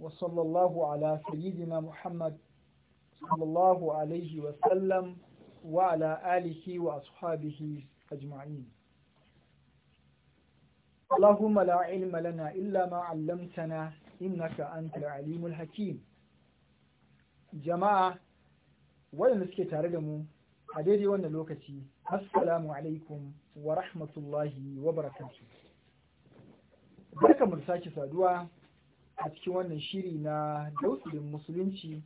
وصلى الله على سيدنا محمد صلى الله عليه وسلم وعلى آله وأصحابه أجمعين اللهم لا علم لنا إلا ما علمتنا إنك أنت العليم الحكيم جماعة waɗanda suke tare da mu a daidai wannan lokaci assalamu alaikum wa rahmatullahi wa barakatu barka mu sake saduwa a cikin wannan shiri na dausilin musulunci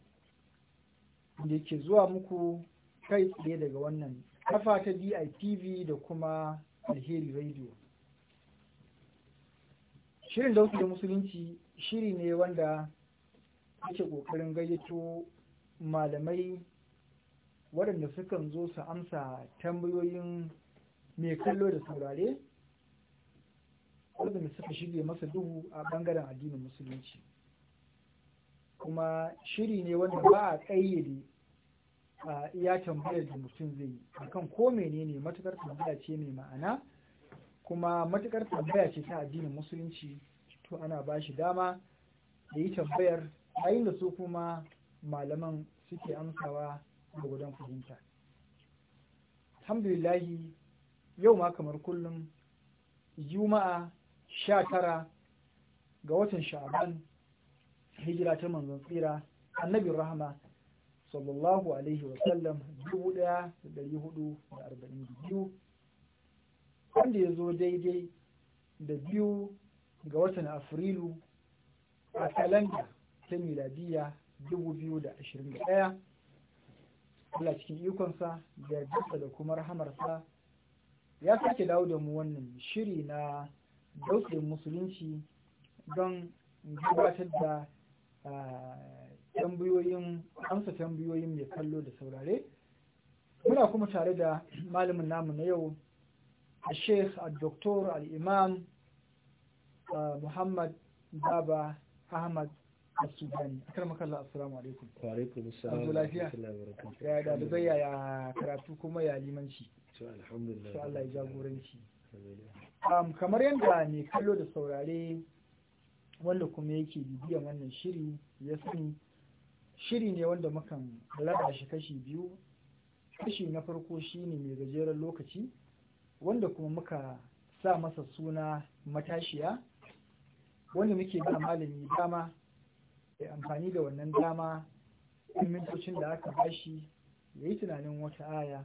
da ke zuwa muku kai tsaye daga wannan kafa ta DITV da kuma alheri radio. Shirin dausilin musulunci shiri ne wanda ake ƙoƙarin gayyato malamai waɗanda sukan zo su amsa tambayoyin mai kallo da saurare. waɗanda suka shige masa duhu a ɓangaren addinin musulunci kuma shiri ne wanda ba a ƙayyade a iya tambayar da mutum zai yi A kan ko menene matukar tambaya ce mai ma'ana kuma matukar tambaya ce ta addinin musulunci to ana ba shi dama da yi tambayar yayin da su kuma malaman suke amsawa da gudan fahimta alhamdulillahi yau ma kamar kullum juma'a sha tara ga watan sha'aban hijira ta manzon tsira annabin rahama sallallahu alaihi wasallam dubu wanda ya zo daidai da biyu ga watan afrilu a kalanda ta miladiya dubu biyu cikin ikonsa da yardarsa da kuma rahamarsa ya sake dawo da mu wannan shiri na dauke musulunci don gabatar da tambayoyin amsa tambayoyin mai kallo da saurare muna kuma tare da malamin namu na yau a sheikh a doktor al'imam muhammad baba ahmad al-sudani akar makalla assalamu alaikum wa alaikum lafiya ya zai ya karatu kuma ya limanci to alhamdulillah Allah ya jagoranci kamar yadda mai kallo da saurare wanda kuma yake bibiyan wannan shiri ya sani shiri ne wanda mukan raba shi kashi biyu kashi na farko shine mai gajeren lokaci wanda kuma muka sa masa suna matashiya wanda muke ba malami dama ya amfani da wannan dama in mintocin da aka bashi ya yi tunanin wata aya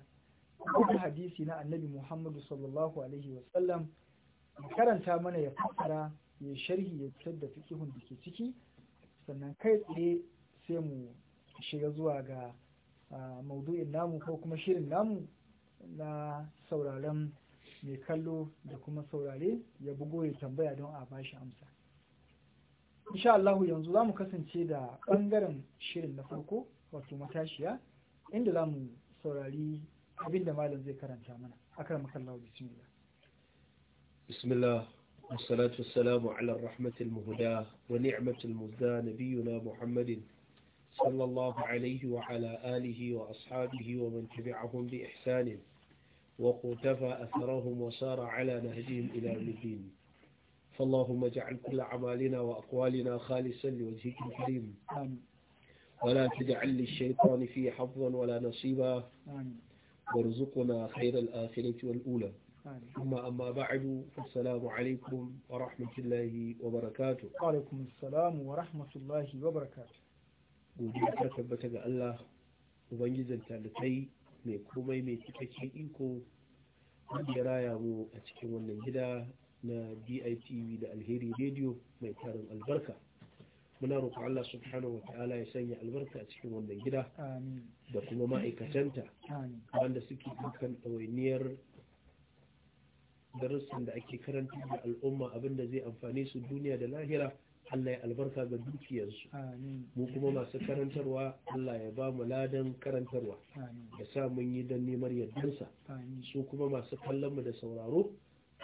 ko hadisi na annabi muhammadu sallallahu alaihi wasallam karanta mana ya fassara ya sharhi ya fitar da fikihun da ke ciki sannan kai tsaye sai mu shiga zuwa ga maudu'in namu ko kuma shirin namu na sauraron mai kallo da kuma saurare ya bugo ya tambaya don a bashi amsa insha Allahu yanzu za mu kasance da ɓangaren shirin na farko wato matashiya inda za mu saurari abinda malam zai karanta mana akan makallahu bismillah بسم الله والصلاة والسلام على الرحمة المهداة ونعمة المزداة نبينا محمد صلى الله عليه وعلى آله وأصحابه ومن تبعهم بإحسان وقتفى أثرهم وسار على نهجهم إلى الدين فاللهم اجعل كل أعمالنا وأقوالنا خالصا لوجهك الكريم ولا تجعل للشيطان في حظا ولا نصيبا وارزقنا خير الآخرة والأولى ثم أما بعد السلام عليكم ورحمة الله وبركاته وعليكم السلام ورحمة الله وبركاته godiya ta tabbata ga Allah ubangijin talibai mai komai mai cikakken iko wanda ya mu a cikin wannan gida na DITV da Alheri Radio mai tarin albarka muna roƙon Allah subhana wa ta'ala ya sanya albarka a cikin wannan gida da kuma ma'aikatanta wanda suke dukan ɗawainiyar darussan da ake karanta da al'umma abinda zai amfani su duniya da lahira Allah ya albarka ga dukiyarsu mu kuma masu karantarwa Allah ya ba mu ladan karantarwa ya sa mun yi dan neman yardarsa su kuma masu kallon mu da sauraro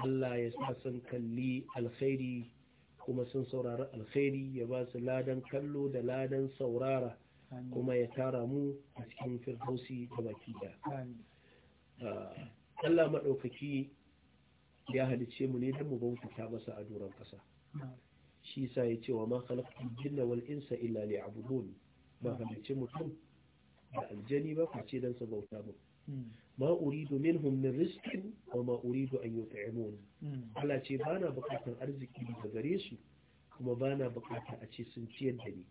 Allah ya sa sun kalli alkhairi kuma sun saurari alkhairi ya ba su ladan kallo da ladan saurara kuma ya tara mu a cikin firdausi da baki da Allah maɗaukaki ya halice mu ne don mu bautata masa a duran ƙasa shi sa ya ce wa ma khalaqtul jinna wal insa illa liya'budun ba halice mutum da aljani ba ce don sa bauta ba ma uridu minhum min rizqin wa ma uridu an yut'imun Allah ce bana bukatar arziki daga gare su kuma bana bukata a ce sun ciyar da ni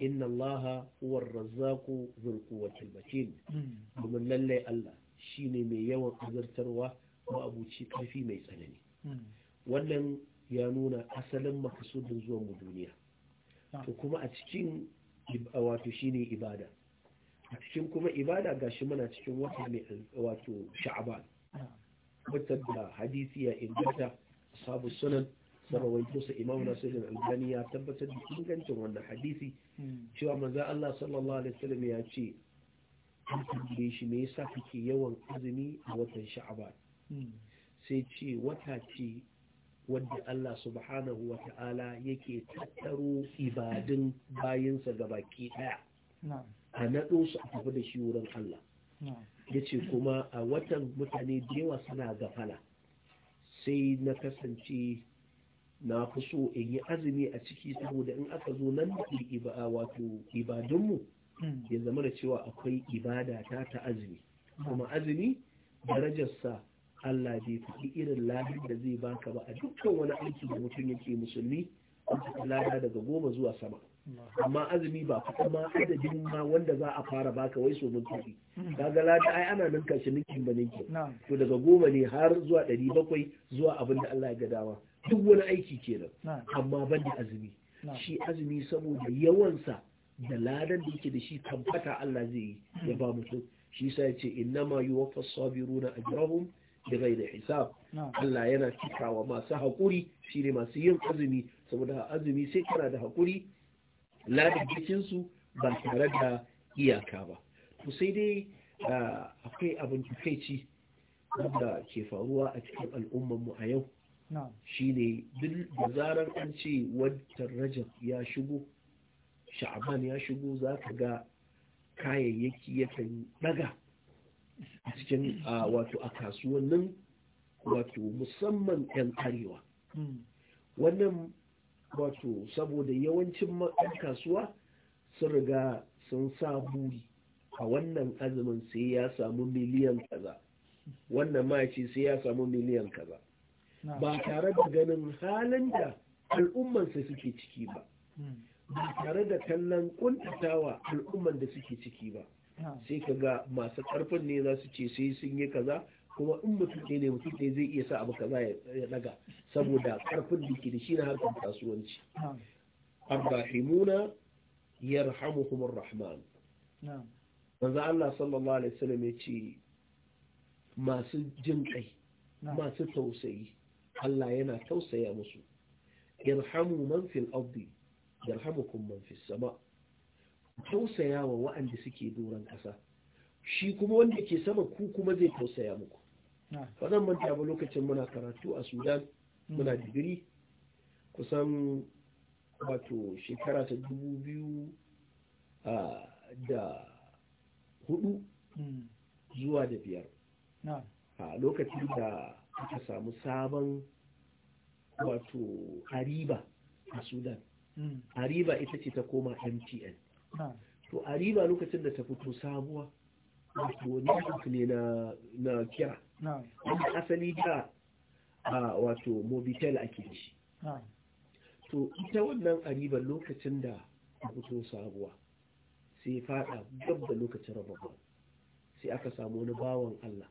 inna hmm. Allah huwa ar-razzaqu dhul quwwati al-matin kuma lalle Allah shine mai yawan azartarwa ma'abuci karfi mai tsanani hmm. wannan ya nuna asalin makasudin zuwan mu duniya ah. to kuma a cikin wato shine ibada a cikin kuma ibada gashi muna cikin wata mai wato sha'aban ah. Wata da hadisi ya inganta sabu sunan sarrawaito sa imamu nasirin albani ya tabbatar da ingancin wannan hadisi hmm. cewa manzo Allah sallallahu alaihi wasallam ya ce an tambaye shi me yasa kake yawan azumi a watan sha'aban sai ce wata ce wadda Allah subhanahu wa ta'ala yake tattaro ibadin bayansa ga baki ɗaya a naɗo su a tafi da shi wurin Allah ya ce kuma a watan mutane da yawa suna gafala sai na kasance na fi so in yi azumi a ciki saboda in aka zo nan da wato ibadunmu hmm. ya zama da cewa akwai ibada ta ta azumi kuma azumi darajarsa Allah bai faɗi irin lahir da zai baka ba a dukkan wani aiki da mutum yake musulmi a lada daga goma zuwa sama amma azumi ba faɗa ma adadin ma wanda za a fara baka wai so mun kuɗi kaga lada ai ana nan kashi ninkin ba ninkin to daga goma ne har zuwa ɗari bakwai zuwa abin da Allah ya ga dama duk wani aiki kenan amma ban da azumi shi azumi saboda yawansa da ladan da yake da shi tabbata Allah zai yi ya ba mutum shi sai ya ce innama yuwaffas sabiruna ajrahum da bai da hisab Allah yana cikawa masu haƙuri shi ne masu yin azumi saboda azumi sai kana da haƙuri ladabikinsu ba tare da iyaka ba to sai dai akwai abin tukaici wanda ke faruwa a cikin al'ummar mu a yau shi ne da zarar an ce wancan rajab ya shigo sha'aban ya shigo za ka ga kayayyaki yakan daga a cikin wato a kasuwannin wato musamman 'yan arewa wannan wato saboda yawancin 'yan kasuwa sun riga sun sa buri a wannan azumin sai ya samu miliyan kaza wannan ma ce sai ya samu miliyan kaza ba tare da ganin halin da al'ummansa suke ciki ba hmm. ba tare da kallon kuntatawa al'umman da suke ciki ba sai ka ga masu karfin ne za su ce sai sun yi kaza kuma in mutum ɗaya ne mutum ɗaya zai iya sa abu kaza ya daga saboda karfin da ke da shi na harkar kasuwanci arrahimuna yarhamuhum arrahman manzo Allah sallallahu alaihi wasallam ya ce masu jin kai masu tausayi Allah yana tausaya musu yarhamu man fil ardi yarhamukum man fis sama' tausaya wa wa'anda suke doron ƙasa shi kuma wanda ke sama ku kuma zai tausaya muku wannan manta ba lokacin muna karatu a sudan muna mm. digiri kusan wato shekara ta dubu biyu da hudu mm. zuwa da biyar a lokacin da aka samu sabon wato ariba a sudan mm. ariba ita ce ta koma mtn to a riba lokacin da ta fito sabuwa wato network ne na kira wanda asali da wato mobitel ake shi to ita wannan a riba lokacin da ta fito sabuwa sai fada gab da lokacin rababa sai aka samu wani bawan Allah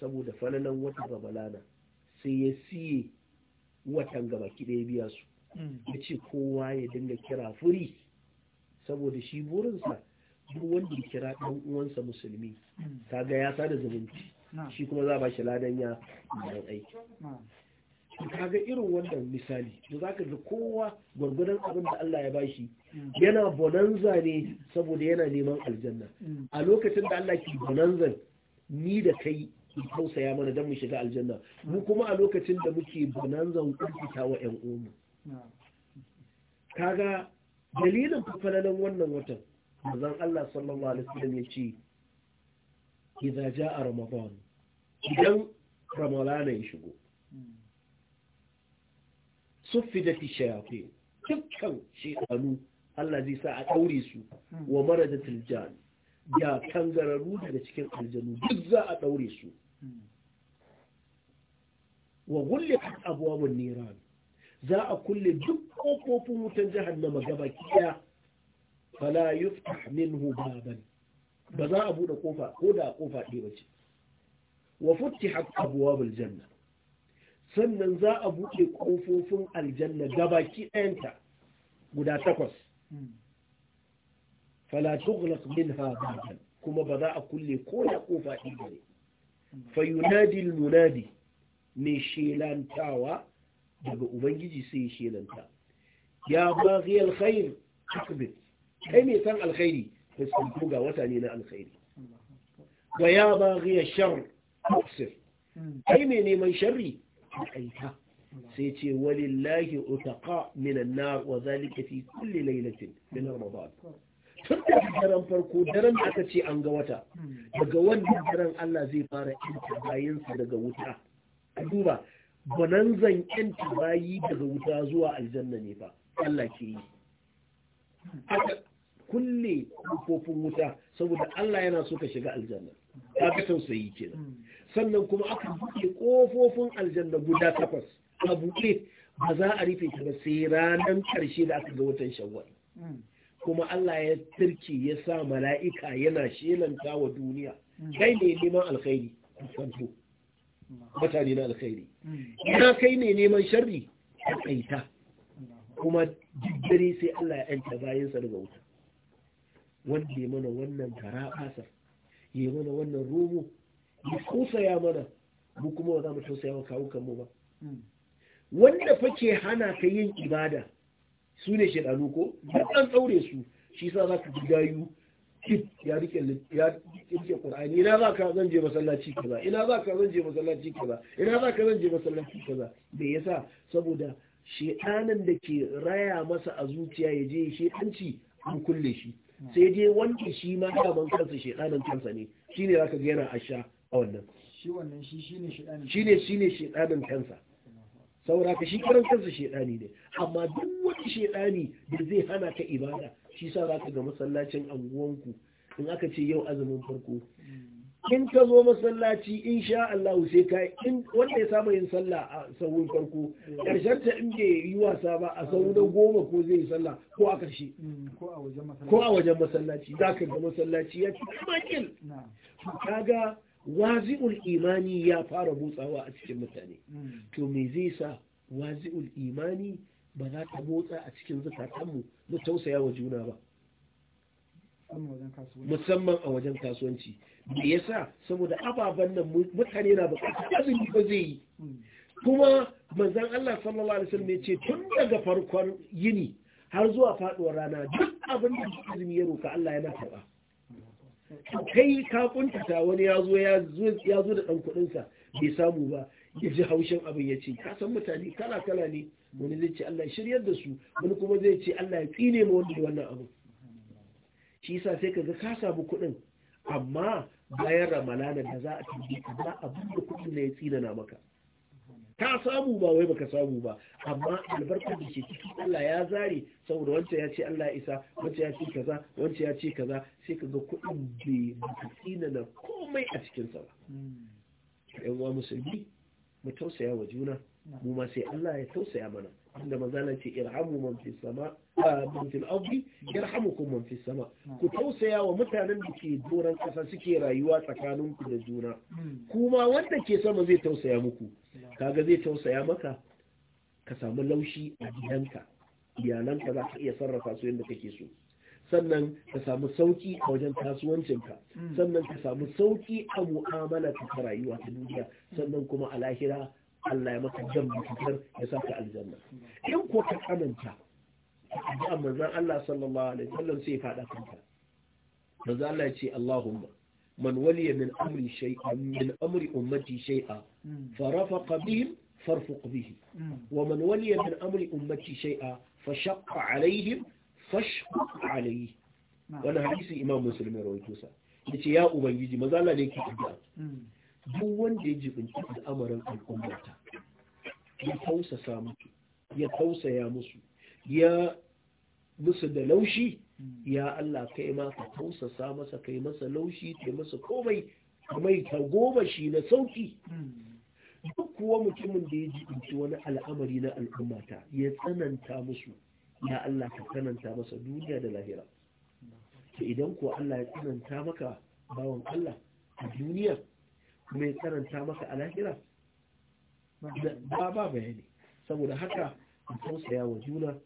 saboda falalan wata babalana sai ya siye watan gaba kiɗe biya su mm. ya ce kowa ya dinga kira furi saboda shi burinsa duk wanda ya kira ɗan uwansa musulmi Ta ga ya sada zumunci shi kuma za ba shi ladan ya bayan aiki ga irin wannan misali da za ka ga kowa gwargwadon abin da Allah ya bashi mm. yana bonanza ne saboda yana neman aljanna mm. a lokacin da Allah ke bonanza ni da kai ki tausaya mana don mu shiga aljanna mu kuma a lokacin da muke bonanza kuntata wa ƴan uwanmu ga. dalilin falalan wannan watan manzon Allah sallallahu alaihi wasallam ya ce idza jaa ramadan idan ramadan ya shigo fi shayatin dukkan shaytanu Allah zai sa a ɗaure su wa da jan ya kangararru daga cikin aljanu duk za a ɗaure su wa gulli abwabun niran za a kulle duk kofofin wutan jahannama gaba kiya fala yuftah minhu baban ba za a bude kofa ko da kofa ɗaya bace wa futtihat abwabul janna sannan za a bude kofofin aljanna gaba ɗayanta guda takwas fala tughlaq minha baban kuma ba za a kulle ko da kofa ɗaya bane fayunadi munadi mai shelantawa daga ubangiji sai shelanta ya baghi alkhair akbit kai mai san alkhairi fuskanto ga wata ne na alkhairi wa ya baghi ashar muksir kai mai neman sharri aika. sai ce walillahi utaqa min an-nar wa zalika fi kulli laylatin min ramadan tun da daren farko daren da aka ce an ga wata daga wannan daren Allah zai fara inta bayansa daga wuta duba zan yanci bayi daga wuta zuwa aljanna ne ba, Allah ke yi aka kulle kofofin wuta saboda Allah yana so ka shiga aljanna ka tausayi kenan sannan kuma aka buɗe kofofin aljanna guda takwas a buɗe ba za a rufe ta ba sai ranar ƙarshe da aka ga watan shawwal kuma Allah ya turki ya sa mala'ika yana shelanta wa duniya kai ne neman alkhairi kwanto mutane na alkhairi mm. ina kai ne neman sharri a kaita kuma jiddare sai Allah ya yanta bayansa daga wuta wanda ya mana wannan tara asar ya mana wannan romo ya ya mana mu kuma ba za mu tausaya wa kawukan mu ba mm. wanda fake hana ka yin ibada su ne shaɗanu ko duk an tsaure su shi sa za ka ji gayu kit ya rike ya rike qur'ani ina za ka zan je masallaci kaza ina za ka zan je masallaci kaza ina za ka zan je masallaci kaza me yasa saboda shedanin da ke raya masa a zuciya ya je shedanci an kulle shi sai dai wanda shi ma daman kansa shedanin kansa ne shine zaka ga yana asha a wannan shi wannan shi shine shedanin shine shine shedanin kansa saboda ka shi karan kansa shedani ne amma duk wani shedani da zai hana ka ibada shi sa za ka ga masallacin anguwanku in aka ce yau azumin farko hmm. in ka zo masallaci in sha Allah sai ka in wanda ya saba yin sallah a sahun farko karshen hmm. ta in bai yi wasa ba a sahun na goma ko zai yi sallah ko a karshe hmm. ko a wajen masallaci za ka ga masallaci ya ci ga wazi'ul imani ya fara motsawa a cikin mutane to me zai sa wazi'ul imani ba za ta motsa a cikin zukatanmu na tausaya wa juna ba musamman a wajen kasuwanci me sa saboda ababen nan mutane na bukatar azumi ba zai yi hmm. kuma manzon Allah sallallahu alaihi wasallam ya ce tun daga farkon yini har zuwa faduwar rana duk abin da azumi ya roka Allah yana karba kai ka kuntata wani ya zo da ɗan kudin bai samu ba ya ji haushin abin ya ce ka san mutane kala kala ne wani zai ce Allah shiryar da su wani kuma zai ce Allah ya tsine ma wanda wannan abu shi yasa sai kaga ka samu kuɗin amma bayan ramalana da za a tambaye ka ba abin da kuɗin ne ya tsinana maka ka samu ba wai baka samu ba amma albarkar da ke cikin Allah ya zare saboda wancan ya ce Allah isa wancan ya ce kaza wancan ya ce kaza sai kaga kuɗin bai baka na komai a cikin sa ba hmm. yan uwa musulmi mu tausaya wa juna mu ma sai Allah ya tausaya mana inda manzala ce irhamu man fi sama man ardi yarhamukum man fi sama ku tausaya wa mutanen da ke doran kasa suke rayuwa tsakanin ku da juna hmm. kuma wanda ke sama zai tausaya muku kaga zai tausaya maka ka samu laushi a gidanka iyalanka za ka iya sarrafa su yadda kake so sannan ka samu sauki a wajen kasuwancinka hmm. sannan ka samu sauki a mu'amala ta rayuwa ta duniya sannan kuma a lahira Allah ya maka jan mutar ya sa aljanna in ko ka tsananta addu'a manzon Allah sallallahu alaihi wasallam sai ya fada kanka manzon Allah ya ce Allahumma man waliya min amri shay'an min amri ummati shay'a farafaqa bihim farfuq bihi wa man waliya min amri ummati shay'a fashaqqa alaihim fashqaq alaihi wannan hadisi imam muslim ya rawaito sa yace ya ubangiji manzon Allah ne yake addu'a duk wanda ya jibinci al'amarin al'ummata ya tausasa musu ya tausaya musu ya musu da laushi ya Allah kai ma ka tausasa masa kai masa laushi kai masa komai mai ta goma shi na sauki duk kuwa mutumin da ya jibinci wani al'amari na al'ummata ya tsananta musu ya Allah ka tsananta masa duniya da lahira to idan ko Allah ya tsananta maka bawan Allah a duniya mai karanta maka a lahira ba ba bayani saboda haka mu tausaya wa juna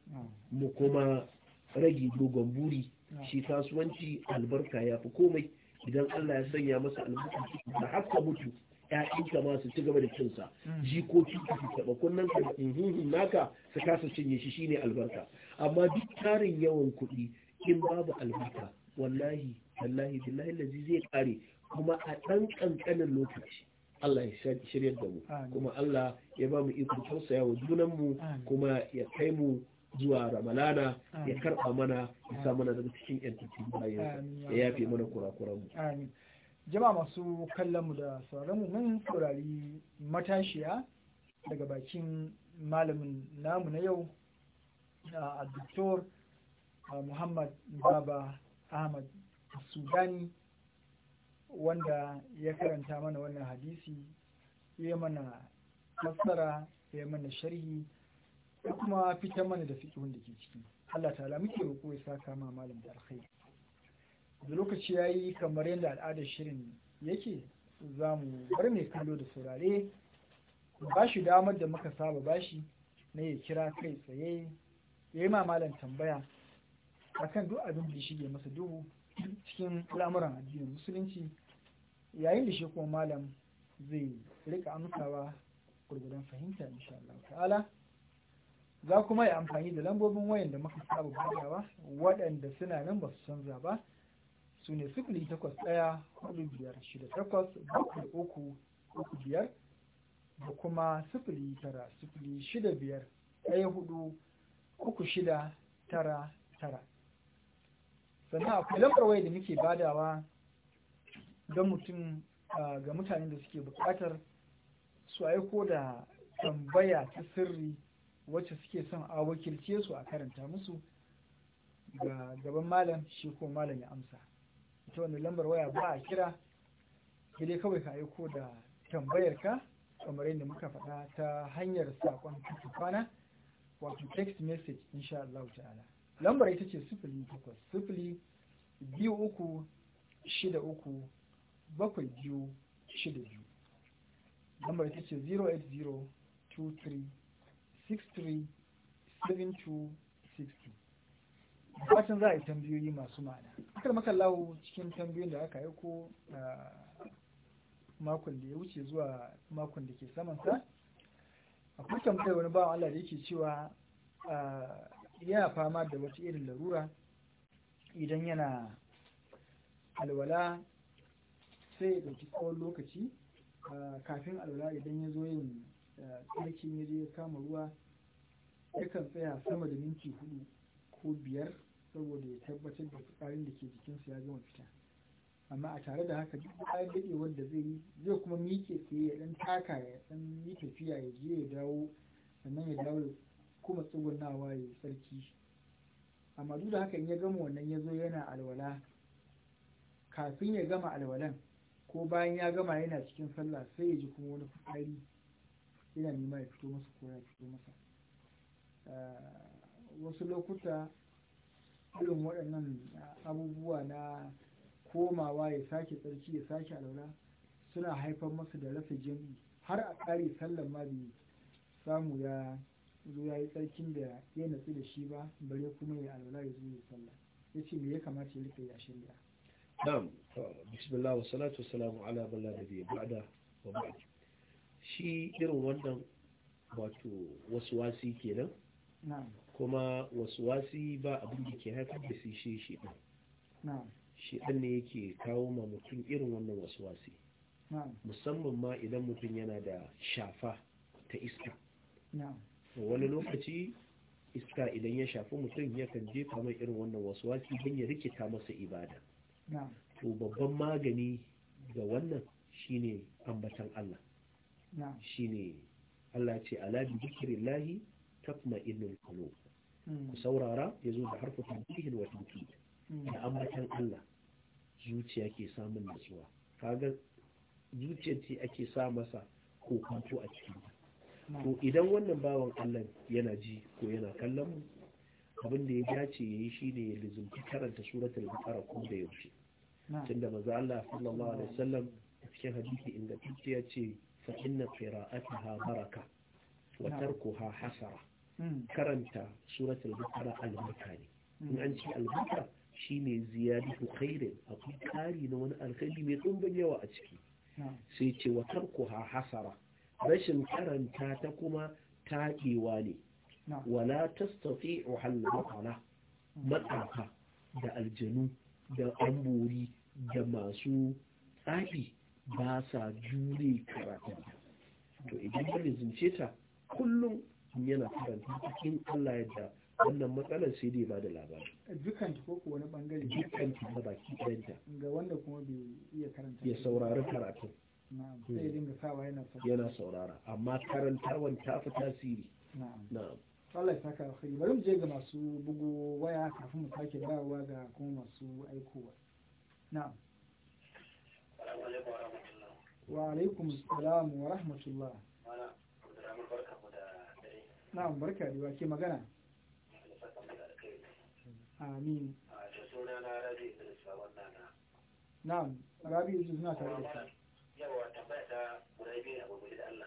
mu kuma rage dogon buri shi kasuwanci albarka ya fi komai idan Allah ya sanya masa albarka da haka mutu ‘ya'yanka ma su ci gaba da cinsa jikoki su taɓa kunnan ka naka su kasa cinye shi shine albarka amma duk tarin yawan kuɗi in babu albarka wallahi wallahi billahi lazi zai kare kuma a ɗan ƙanƙanin lokaci Allah ya shirya da mu kuma Allah ya ba mu ikon tausaya wa junanmu kuma ya kai mu zuwa ramalana ya karɓa mana ya sa mana daga cikin yantattun bayan ya yafe mana mu. jama masu kallon mu da sauran mu mun saurari matashiya daga bakin malamin namu na yau a doktor muhammad baba ahmad sudani wanda ya karanta mana wannan hadisi ya mana fassara ya mana sharhi ya kuma fitar mana da da ke ciki Allah ta'ala muke roƙo ya saka ma malam da alkhairi da lokaci yayi kamar yadda al'adar shirin yake za mu bar mai kallo da saurare ba shi damar da muka saba bashi na ya kira kai tsaye ya yi malam tambaya akan duk abin da ya shige masa duhu cikin al'amuran addinin musulunci yayin da shi kuma malam zai rika amsawa gurgudan fahimta insha Allah ta'ala za kuma yi amfani da lambobin wayan da muka saba bayarwa waɗanda suna nan ba su canza ba su ne sifili takwas ɗaya hudu biyar shida takwas bakwai uku uku biyar da kuma sifili tara sifili shida biyar ɗaya hudu uku shida tara tara sannan akwai lambar waya da muke badawa don mutum ga mutanen da suke bukatar su aiko da tambaya ta sirri wacce suke son a wakilce su a karanta musu ga gaban malam shi ko malam ya amsa ita wani lambar waya ba a kira dai kawai ka aiko da tambayar ka kamar yadda muka faɗa ta hanyar saƙon kwana wato text message insha Allah ta'ala lambar ita ce sifili takwas sifili biyu uku shida uku bakwai biyu shida biyu lambar ita ce 08023637262 bacin za a yi tambayoyi masu ma'ana akar makallawo cikin tambayoyin da aka aiko a makon da ya wuce zuwa makon da ke samansa akwai mutane wani bawan Allah da yake cewa yana fama da wata irin larura idan yana alwala sai ya ɗauki tsawon lokaci ah, kafin alwala idan ya zo yin ah, tsarkin ya je ya kama ruwa ya kan tsaya sama da minti hudu ko biyar saboda ya tabbatar da fitsarin da ke jikinsa ya gama fita amma a tare da haka duk bayan daɗewar da zai yi zai kuma miƙe tsaye ya ɗan taka ya ɗan yi tafiya ya je ya dawo sannan ya dawo kuma tsugunawa ya yi sarki amma duk da haka in ya gama wannan ya zo yana alwala kafin ya gama alwalan ko bayan ya gama yana cikin sallah sai ya ji kuma wani fitsari yana nema ya fito masa ko ya fito masa ah, wasu lokuta irin waɗannan abubuwa na komawa ya sake tsarki ya sake alaura suna haifar masa da rasa jami'i har a ƙari sallar ma bai samu ya zo ya yi tsarkin da ya natsu da shi ba bare kuma ya alaura ya zo ya sallah ya ce me ya kamata ya rufe yashin da na'am bismillah wa wa ba'da wa shi irin wannan wato wasu wasi kenan kuma wasu wasi ba abin da ke haifar da su shi shi ɗan shi ɗan ne yake kawo ma mutum irin wannan wasu wasi musamman ma idan mutum yana da shafa ta iska wani lokaci iska idan ya shafi mutum yakan jefa mai irin wannan wasu wasi don ya rikita masa ibada to babban magani ga wannan shine ambatan Allah shine Allah ce ala bi zikrillahi tatma'innul qulub hmm. ku saurara yazo da harfu tanbihin wa hmm. da ambatan Allah zuciya ke samun nutsuwa kaga zuciya ce ake sa masa kokonto a cikin to idan wannan bawan Allah yana ji ko yana kallon mu abin da ya dace ya yi shi ne ya lizumci karanta suratul baqara ko da yaushe tunda manzo Allah sallallahu alaihi wasallam a cikin hadisi inda kace ya ce fa inna qira'ataha baraka wa tarkuha hasara hmm. karanta suratul baqara albarka ne hmm. in an ce albarka shine ziyadatu khairin akwai kari na wani alkhairi mai tsumbin yawa a ciki sai ce wa tarkuha hasara rashin karanta ta kuma taɗewa ne wala tastati'u halqala mm. matsafa da aljanu da amburi da masu tsafi ba sa jure karatun to idan ka lizince ta kullum yana karanta cikin Allah da wannan matsalar sai dai ba da labari dukkan ta ko wani bangare dukkan ta ga baki ɗanta ga wanda kuma bai iya karanta ya saurari karatun sai dinga sawa yana saurara amma karantawan ta fi tasiri na'am Allah ya saka alkhairi bari mu je ga masu bugu waya kafin mu sake dawowa ga kuma masu aikowa na'am wa alaikum salam wa rahmatullah na'am barka da wake magana amin na'am rabi'u suna tare da ka yawa tambaya ta guda biyu a da Allah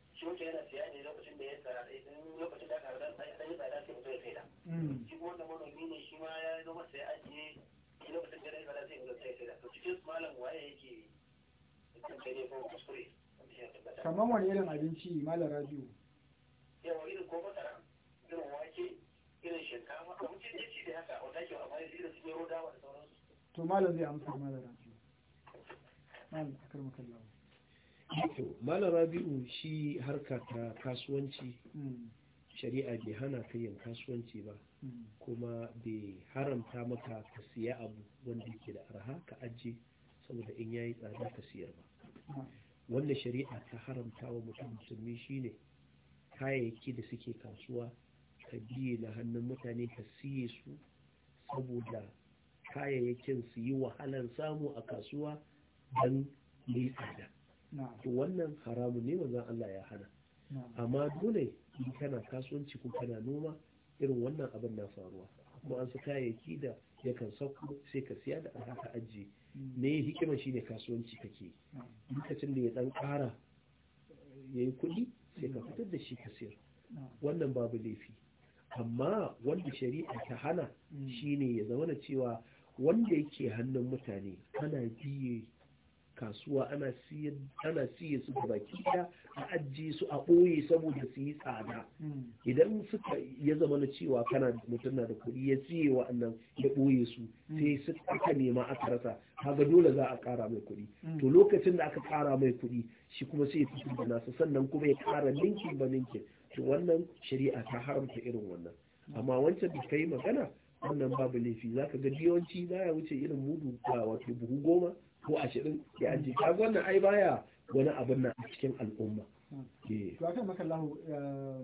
shi yana siya ne lokacin da ya tsara idan lokacin da aka dan sai sai tsada sai mutum ya saida mm. shi kuma wannan manomi ne shi ma ya zo masa ya ajiye shi lokacin da ya tsara sai mutum ya saida to cikin malam waye yake kan dare ko kuskure kamar wani irin abinci malam rabiu yawa irin ko masara irin wake irin shinkafa abincin da ci da haka wanda ke amma irin su gero dawa da sauransu to malam zai amsa malam rabiu malam akar makallawa malam rabi'u shi harka ta kasuwanci hmm. shari'a bai hana ka yin kasuwanci ba hmm. kuma bai haramta maka ka siya abu wanda yake da arha ka ajiye saboda in yayi tsada ka siyar ba hmm. wanda shari'a ta haramta wa mutum musulmi shine kayayyaki da suke kasuwa ka biye na hannun mutane ka siye su saboda kayayyakin su yi wahalar samu a kasuwa don yi tsada wannan haramun ne manzon Allah ya hana amma dole in kana kasuwanci ko kana noma irin wannan abin na faruwa kuma an su kayayyaki da ya yakan sauko sai ka siya da an haka ajiye mm. me hikima shine kasuwanci kake lokacin da ya dan kara eh, yayi kuɗi sai ka mm. fitar da shi ka siya. wannan babu laifi amma wanda shari'a ta hana mm. shine ya zama cewa wanda yake hannun mutane kana biye kasuwa ana siye su da baki ɗaya a ajiye su a ɓoye saboda su yi tsada hmm. idan suka ya zama na cewa kana mutum na da kuɗi ya siye wa'annan ya ɓoye su hmm. sai su aka nema aka rasa kaga dole za a ƙara mai kuɗi hmm. to lokacin da aka ƙara mai kuɗi shi kuma sai ya fito da nasa sannan kuma ya ƙara ninkin ba ninkin to wannan shari'a ta haramta irin wannan amma wancan da ka magana wannan babu laifi zaka ga yawanci za ya wuce irin mudu wato buhu goma ko ashirin ya ajiye kaga wannan ai baya wani abin nan a cikin al'umma eh. to akan makallahu eh,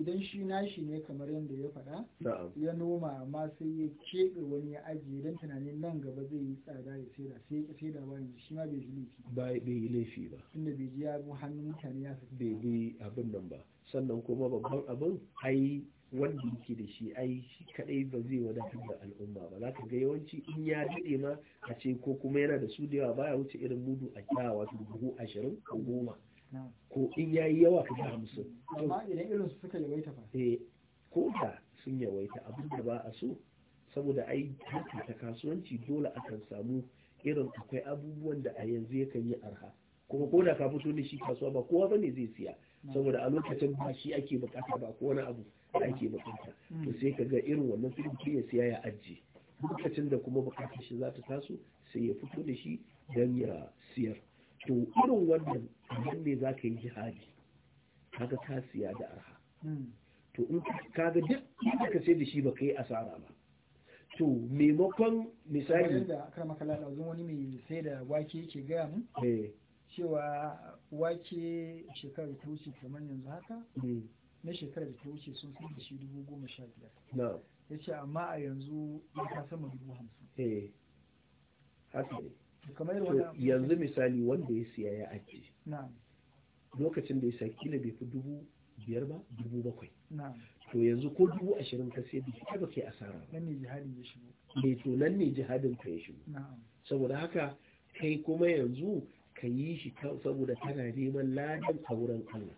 idan shi nashi ne kamar yadda ya faɗa ya noma amma sai ya keɓe wani ya ajiye don tunanin nan gaba zai yi tsada ya saida sai ya saida ba shi ma bai ji laifi ba bai yi laifi ba tunda bai ji ya hannun mutane ya bai bi abin nan ba sannan kuma babban abin ai wanda yake da shi ai shi kadai ba zai wadatar da al'umma ba za ka ga yawanci in ya dade ma a ce ko kuma yana da su da yawa baya wuce irin mudu a kyawa wato dubu ashirin ko goma ko in ya yi yawa ka ga musu. amma idan irin su suka yawaita fa eh ko da sun yawaita abin da ba a so saboda ai haka ta kasuwanci dole akan samu irin akwai abubuwan da a yanzu yakan yi arha kuma ko da ka fito da shi kasuwa ba kowa bane zai siya saboda a lokacin ba shi ake bukata ba ko wani abu da ake bukata hmm. to sai ka ga irin wannan filin ya siya ya ajiye lokacin da kuma bukatar shi za ta taso sai ya fito da shi don ya siyar to irin wannan abin ne za ka yi jihadi kaga ka siya da arha hmm. to in ka ga duk inda ka sai da shi ba yi asara ba to maimakon misali da kala makala wajen wani mai sai da wake yake gaya mu eh. cewa wake shekaru ta wuce kamar yanzu haka hmm. na shekarar da ta wuce sun fi da shi dubu goma sha biyar ya ce amma a yanzu ya ta sama dubu hamsin Eh haka ne yanzu misali wanda ya siya ya ajiye lokacin da ya sa kila bai fi dubu biyar ba dubu bakwai to yanzu ko dubu ashirin ka sai da shi ba kai asara nan ne jihadin ya shigo ne eh, to nan ne jihadin ka ya shigo saboda haka kai kuma yanzu ka yi shi saboda kana neman ladan a wurin Allah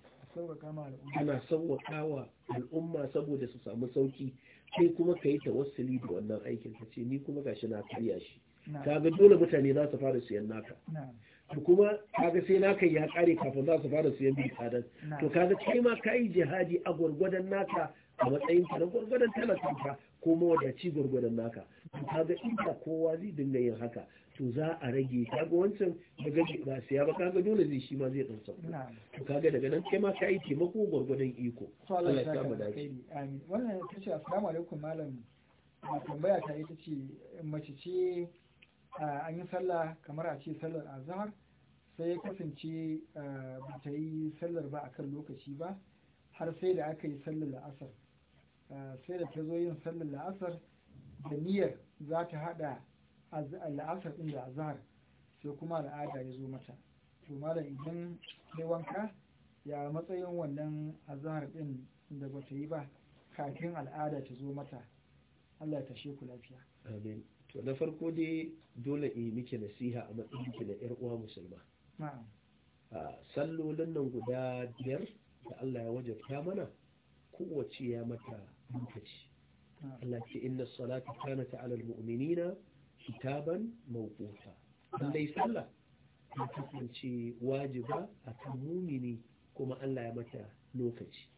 ana sauwaka wa al'umma saboda su samu sauki sai kuma ka yi wasu da wannan aikin ka ce ni kuma gashi na karya shi kaga dole mutane za su fara siyan naka to kuma kaga sai naka ya kare kafin za su fara siyan bi kadan to kaga kai ma ka yi jihadi a gwargwadon naka a matsayin ka na gwargwadon talatin ka ko mawadaci gwargwadon naka to kaga inda kowa zai dinga yin haka to za a rage kaga wancan daga ba siya ba kaga dole zai shi ma zai dan sauko to kaga daga nan kai ma ka yi taimako gwargwadon iko Allah ya samu dace amin wannan tace assalamu alaikum malam tambaya ta ita ce mace ce an yi sallah kamar a ce sallar azhar sai ya kasance ba ta yi sallar ba akan lokaci ba har sai da aka yi sallar la'asar sai da ta zo yin sallar la'asar da niyyar za ta hada la'asar ɗin da azhar sai kuma al'ada ya zo mata to malam idan dai wanka ya matsayin wannan azhar ɗin da bata yi ba kafin al'ada ta zo mata Allah ya tashe ku lafiya amin to na farko dai dole in miki nasiha a matsayin ki da yar uwa musulma na'am sallolin nan guda biyar da Allah ya wajabta mana kowace ya mata lokaci Allah ce inna salata kanat ala almu'minina kitaban mawquta lallai sallah ta kasance wajiba kan mumini kuma Allah ya mata lokaci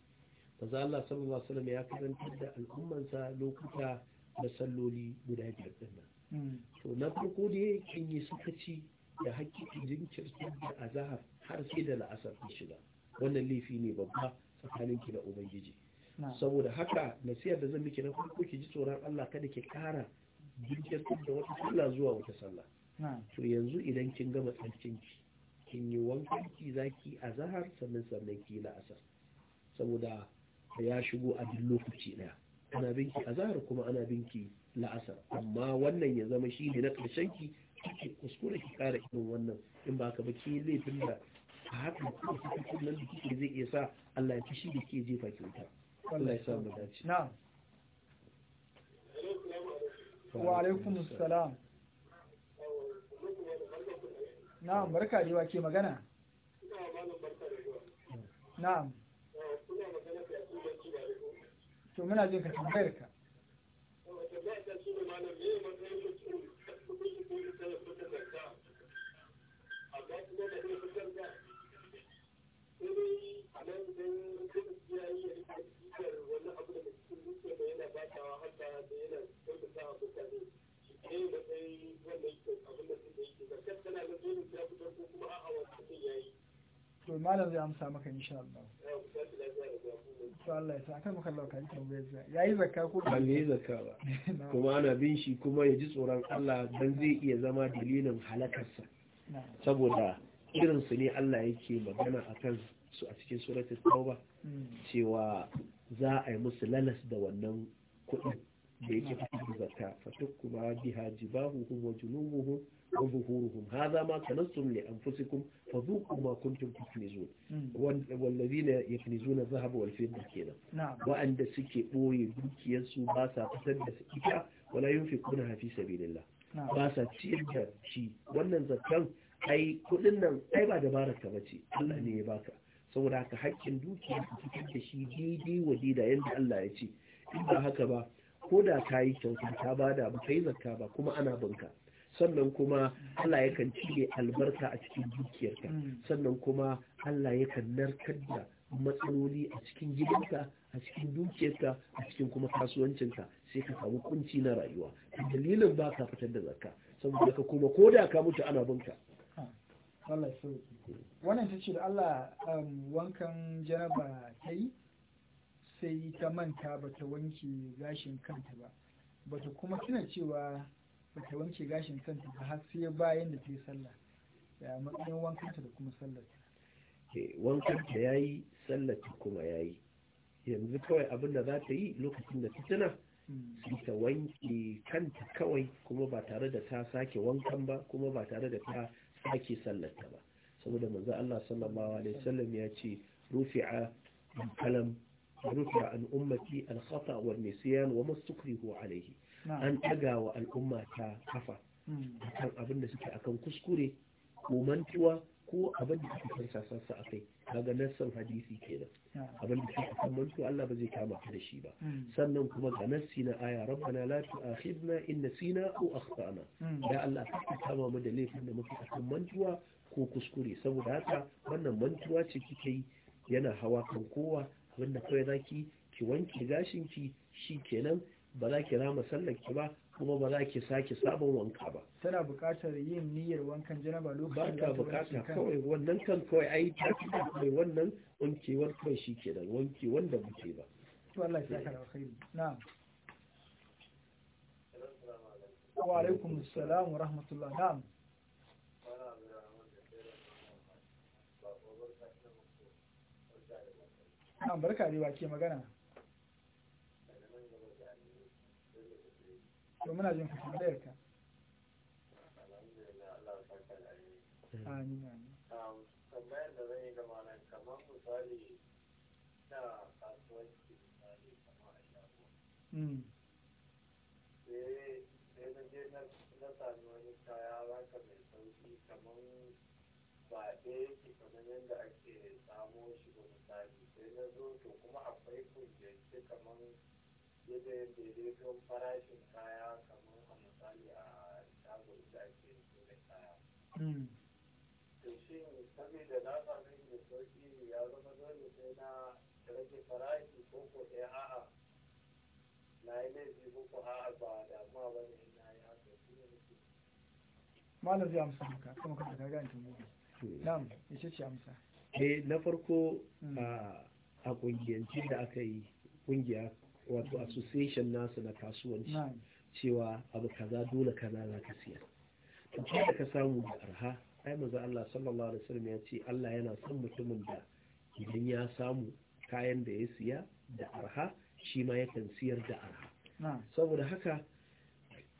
maza Allah sallallahu alaihi wasallam ya karantar da al'ummansa lokuta da salloli guda biyar din hmm. to na farko da yakin yi sakaci da hakkin jinkirtar da azahar har sai da la'asar ta shiga wannan laifi ne babba tsakaninki da ubangiji saboda haka nasiyar da zan miki na farko ki ji tsoron Allah kada ki kara jinkirtar da wata kula zuwa wata sallah to yanzu idan kin gama tsarkinki kin yi wankanki zaki a zahar sannan sannan ki na asar saboda ya shigo a duk lokaci daya ana binki a zahar kuma ana binki la'asar amma wannan ya zama shi ne na ƙarshen ki kike kuskure ki ƙara irin wannan in ba ka ba ki laifin da a hakan kuma nan da kike zai iya sa Allah ya fi shi da ke jefa kyauta Allah ya sa mu dace na'am wa alaikum salam na'am barka da ke magana na'am to muna jin ka tambayar ka a dakatawa har da yana kyautata wa mutane ne da sai wanda yake abin da suke yi da kan tana da dole ya fitar ko kuma a'a wanda sun yayi to malam zai amsa maka insha Allah Allah ya sa akan maka Allah kan tambaye zai yayi zakka ko ba yayi zakka ba kuma ana bin shi kuma ya ji tsoron Allah dan zai iya zama dalilin halakarsa saboda irin su ne Allah yake magana akan su a cikin suratul tauba hmm. cewa za a yi musu lalas da wannan kuɗin da yake cikin zakka fa tukuma biha jibahuhum wa junubuhum wa zuhuruhum hadha ma kanastum li anfusikum fa dhuqu ma kuntum tuknizun hmm. wal ladina yaknizuna dhahab wal fidda kenan wa'anda suke boye dukiyar su ba sa fitar da ita wala yunfiquna fi sabilillah ba sa ciyar da shi wannan zakkan ai kuɗin nan ai ba dabarar ka bace Allah ne ya baka saboda haka hakkin dukiya ka fitar da shi daidai wa daidai yanda Allah ya ce in ba haka ba ko da ka yi kyauta ta da ba ka yi zakka ba kuma ana binka sannan kuma Allah yakan cire albarka a cikin dukiyarka mm. sannan kuma Allah yakan narkar da matsaloli a cikin gidanka a cikin dukiyarka a cikin kuma kasuwancinka sai ka samu kunci na rayuwa dalilin ba ka fitar da zakka saboda ka kuma ko da ka mutu ana binka wannan ta ce da Allah um, wankan jaraba ta yi sai ta manta ba ta wanke gashin kanta ba ba ta kuma tuna cewa ba ta wanke gashin kanta ba har sai bayan da ta yi sallah ya matsayin ta da kuma sallar ta eh, ya yi sallar kuma ya yi yanzu kawai abin da za ta yi lokacin da ta tuna hmm. sai ta wanke kanta kawai kuma ba tare da ta sake wankan ba kuma ba tare da ta sake ta ba saboda manzo Allah sallallahu alaihi wasallam ya ce rufi'a kalam rufi an ummati al-khata wal nisyan wa mastukrihu alayhi an daga wa al'ummata ta kafa hmm. akan abin da suke akan kuskure ko mantuwa ko abin da suke kan a kai kaga nassan hadisi kenan abin da suke kan mantuwa Allah ba zai kama ka da shi ba hmm. sannan kuma ga nassi na aya rabbana la tu'akhidna in nasina aw akhtana da hmm. Allah ka kama mu da laifin da muke kan mantuwa ko kuskure saboda haka wannan mantuwa ce kike yi yana hawa kan kowa abinda kawai zaki ki wanke gashinki shi kenan ba za ki rama sallarki ba kuma ba za ki sake sabon wanka ba tana buƙatar yin niyyar wankan janaba lokacin da ta buƙata kawai wannan kan kawai ai ta kawai wannan wankewar kawai shi kenan wanke wanda muke ba to Allah ya saka alkhairi na'am wa alaikum assalam wa rahmatullah na'am an barka dai ke magana to muna jin da yarka amin amin da zai ga malam kamar misali na kasuwanci misali kamar a shago hmm. eh, sai na je na sami wani kaya haka mai sauki kamar ba ɗaya kamar yadda ake na zo to kuma akwai kujiyance kamar yadda yadda daidaiton farashin kaya kamar a misali a shagon da ake da kaya. Hmm. To shi saboda na sami da sauki ya zama dole sai na rage farashi ko ko ɗaya eh, a'a na yi laifi ko ko a'a ba damuwa ba ne na yi haka shi ne nake. Malam zai amsa maka kuma ka ga gani tun gobe. Na'am, ya ce amsa. Eh na farko hmm. a ah, a kungiyanci da aka yi ƙungiya, wato association nasu na kasuwanci cewa abu kaza dole kaza za ka siyar kuma da ka samu da arha ai maza Allah sallallahu alaihi wasallam ya ce Allah yana son mutumin da idan ya samu kayan da ya siya da arha shi ma yakan siyar da arha saboda haka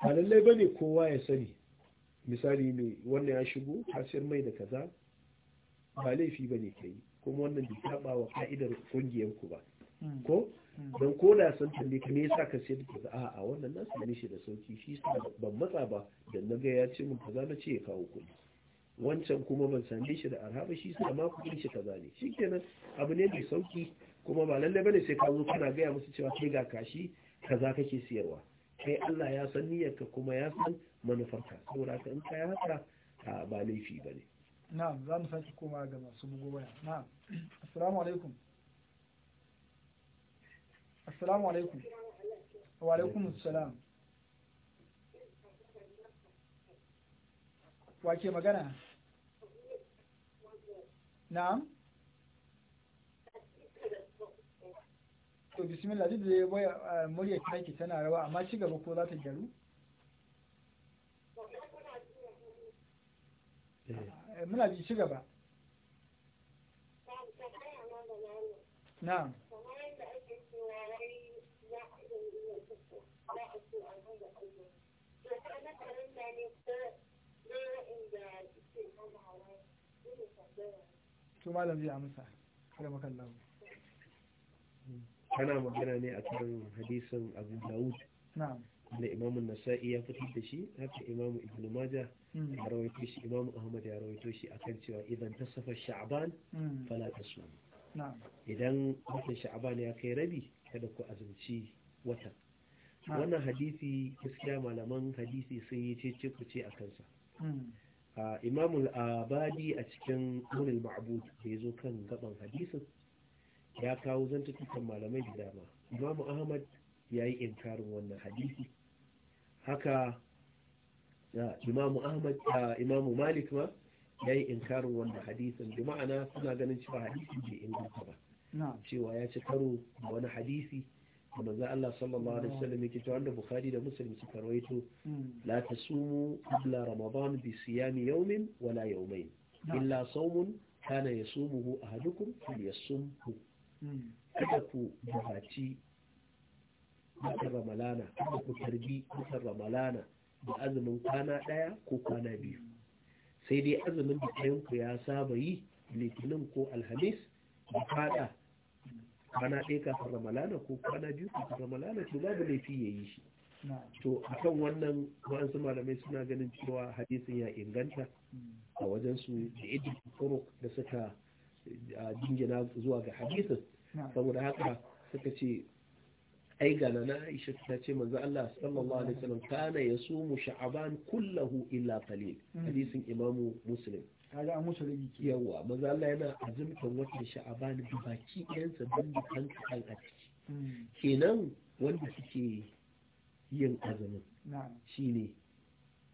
ba lallai bane kowa ya sani misali ne wannan ya shigo kasiyar mai da kaza ba laifi bane kai kuma wannan bai saba wa ka'idar kungiyar ku ba hmm. ko hmm. don ko da san tambaye ka me yasa ka sayar da a a wannan na sami shi da sauki shi sai ban matsa ba da na ga ya ce mun kaza na ce ya kawo kuɗi wancan kuma ban same shi da arha shi sai ma kuɗin shi kaza ne shikenan abu ne mai sauki kuma ba lalle bane sai ka zo kana gaya musu cewa kai ga kashi kaza kake siyarwa kai Allah ya san niyyarka kuma ya san manufarka saboda ka in ka yi haka ba laifi bane na'am za mu sake koma ga masu bugo waya na'am assalamu alaikum assalamu alaikum wa alaikum assalam wa ke magana na'am to bismillah duk da ya eh, murya tana rawa amma ci gaba ko za ta gyaru Eh, muna ci gaba na'am to malam zai amsa kada makallahu kana magana ne cikin hadisin abu daud na'am wanda imamu nasa'i ya fitar da shi haka imamu ibn maja hmm. ya rawaito shi imamu ahmad ya rawaito shi akan cewa idan tasafa sha'ban hmm. fala tasum idan watan sha'ban ya kai rabi kada ku azumci watan wannan hadisi gaskiya malaman hadisi sun yi cece ku ce a kansa hmm. imamul abadi a cikin munil ma'abud da ya zo kan gaban hadisin ya kawo zantattukan malamai da dama imamu ahmad ya yi inkarin wannan hadisi haka imamu ahmad imamu malik ma ya yi inkarin wannan hadisin bi ma'ana suna ganin cewa hadisin bai inganta ba cewa ya ci karo da wani hadisi da manzo Allah sallallahu alaihi wasallam yake cewa da Bukhari da Muslim suka rawaito hmm. la tasumu qabla ramadan bi siyami yawmin wala yawmayn illa sawmun kana yasumuhu ahadukum falyasumhu hmm. kada ku bukaci watan ramalana da ku tarbi watan ramalana da azumin kwana ɗaya ko kwana biyu sai dai azumin da ɗayanku ya saba yi litinin ko alhamis da fada kwana ɗaya kafin ramalana ko kwana biyu kafin ramalana to babu laifi ya yi shi to akan wannan wa'ansu malamai suna ganin cewa hadisin ya inganta a wajensu da idin turuk da suka jingina zuwa ga hadisin saboda haka suka ce ai ga na Aisha ta ce manzo Allah sallallahu alaihi wasallam kana yasumu sha'aban kullahu illa qalil hmm. hadisin imamu muslim kaga an musu rigi yawa manzo Allah yana azumtan wata sha'aban da baki 'yansa ban da kanka kan a ciki hmm. kenan wanda suke yin azumin shine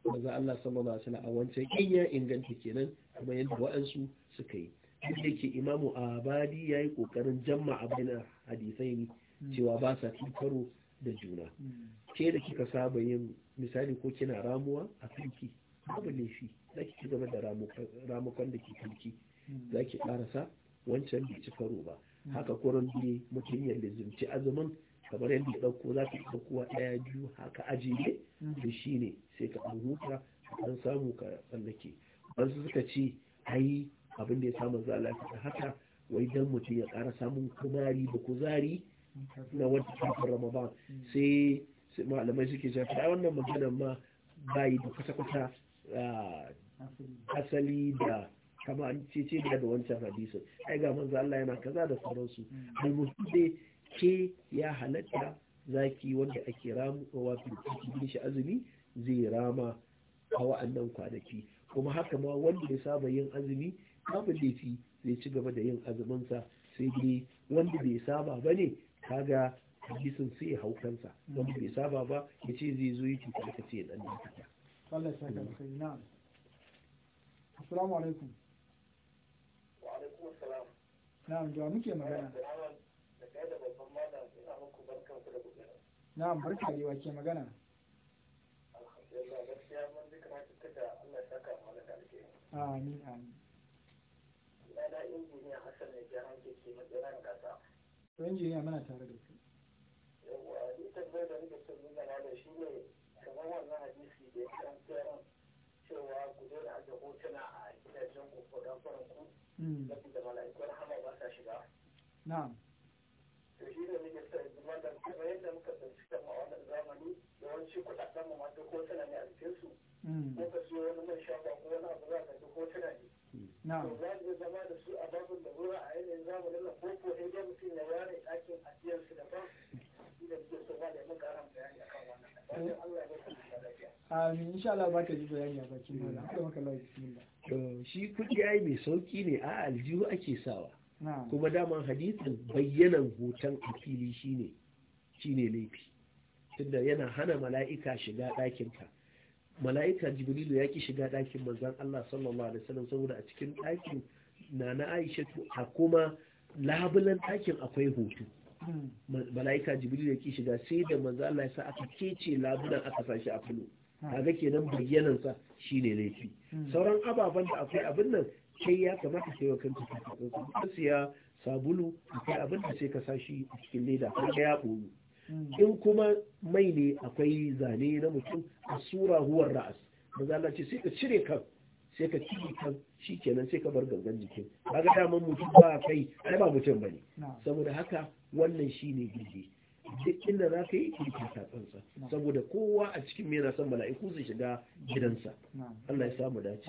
manzo Allah sallallahu alaihi wasallam a wancan in ya inganta kenan kuma yadda wa'ansu suka yi duk da ke imamu abadi yayi kokarin jama'a bainar hadisai Mm. cewa ba sa cin karo da juna mm. ke da kika saba yin misali ko kina ramuwa a kanki babu laifi za ki gaba da ramukan da ke kanki mm. za ki karasa wancan bai ci karo ba haka kurin ne mutum ya lizimci azumin kamar yadda ya ɗauko za ka ɗaukowa ɗaya biyu haka ajiye da shi ne sai ka ɗauka huta an samu ka tsallake su suka ce ayi abin da ya samu zalafi da haka wai don mutum ya ƙara samun kumari da kuzari na wata kafin ramadan sai malamai suke shafi a wannan magana ma bayi da kwata-kwata ah, asali da kama an cece da da wancan hadisu ai ga manzo Allah yana kaza da sauransu dai ke ya halatta zaki wanda ake ramu wato cikin shi azumi zai rama a wa'annan kwanaki kuma haka ma wanda ya saba yin azumi babu laifi zai ci gaba da yin azumin sa sai dai wanda bai saba ba ne kaga hadisin sai ya hau kansa don bai saba ba ya ce zai zo yi cuta ka ce ya dan da fita Allah ya saka alkhairi na'am assalamu alaikum wa alaikum assalam na'am da muke magana na'am barka da yawa ke magana alhamdulillah gaskiya mun duka ma tattaka Allah ya saka mu da alkhairi amin amin na da injiniya to injiniya muna tare da su. yawa ni tambayar da nake son nuna da shi ne kamar wannan hadisi da ya kan tsaron cewa ku daina ajiye hotuna a gidajen ku ko dan farin ku mm. da mala'ikun hama ba sa shiga na'am to shi ne nake son zuma da kuma yadda muka tsanci kan a wannan zamani yawanci kuɗaɗen mu ma duk hotuna ne a jikinsu ko mm. ka siyo wani mai shafa ko wani za ka duk hotuna ne to zan mu zama da su a babin da gura a yanayin zamanin nan ko ko in ga mutum ya ware ɗakin ajiyar su da ban shi da muke so ba da mun ƙaran bayani akan wannan wajen Allah ya ba lafiya amin insha Allah ba ka ji bayani a bakin malam Allah maka lafiya bismillah to shi kudi ai mai sauki ne a aljihu ake sawa kuma daman hadisin bayyanan hoton akili shine shine laifi tunda yana hana mala'ika shiga ɗakinka mala'ika jibrilu ya ki shiga ɗakin manzan Allah sallallahu alaihi wasallam saboda a cikin ɗakin na na Aisha a kuma labulan ɗakin akwai hoto mala'ika jibrilu ya ki shiga sai da manzan Allah ya sa aka kece labulan aka sashi a fulo kaga kenan bayyanan sa shine laifi hmm. sauran ababen da akwai abin nan kai ya kamata kai wa kanta ka siya sabulu akwai abin da sai ka sashi a cikin leda kaga ya koyo Hmm. in kuma mai ne akwai zane na mutum a sura huwar ra'as maza Allah ce sai ka cire kan sai ka cire kan shi kenan sai ka bar gangan jikin Ba ga daman mutum ba kai ai ba mutum ba ne. saboda haka wannan shi ne gidi duk inda za ka yi kirkin tatsansa saboda kowa a cikin mai yana son mala'iku zai shiga gidansa Allah ya samu dace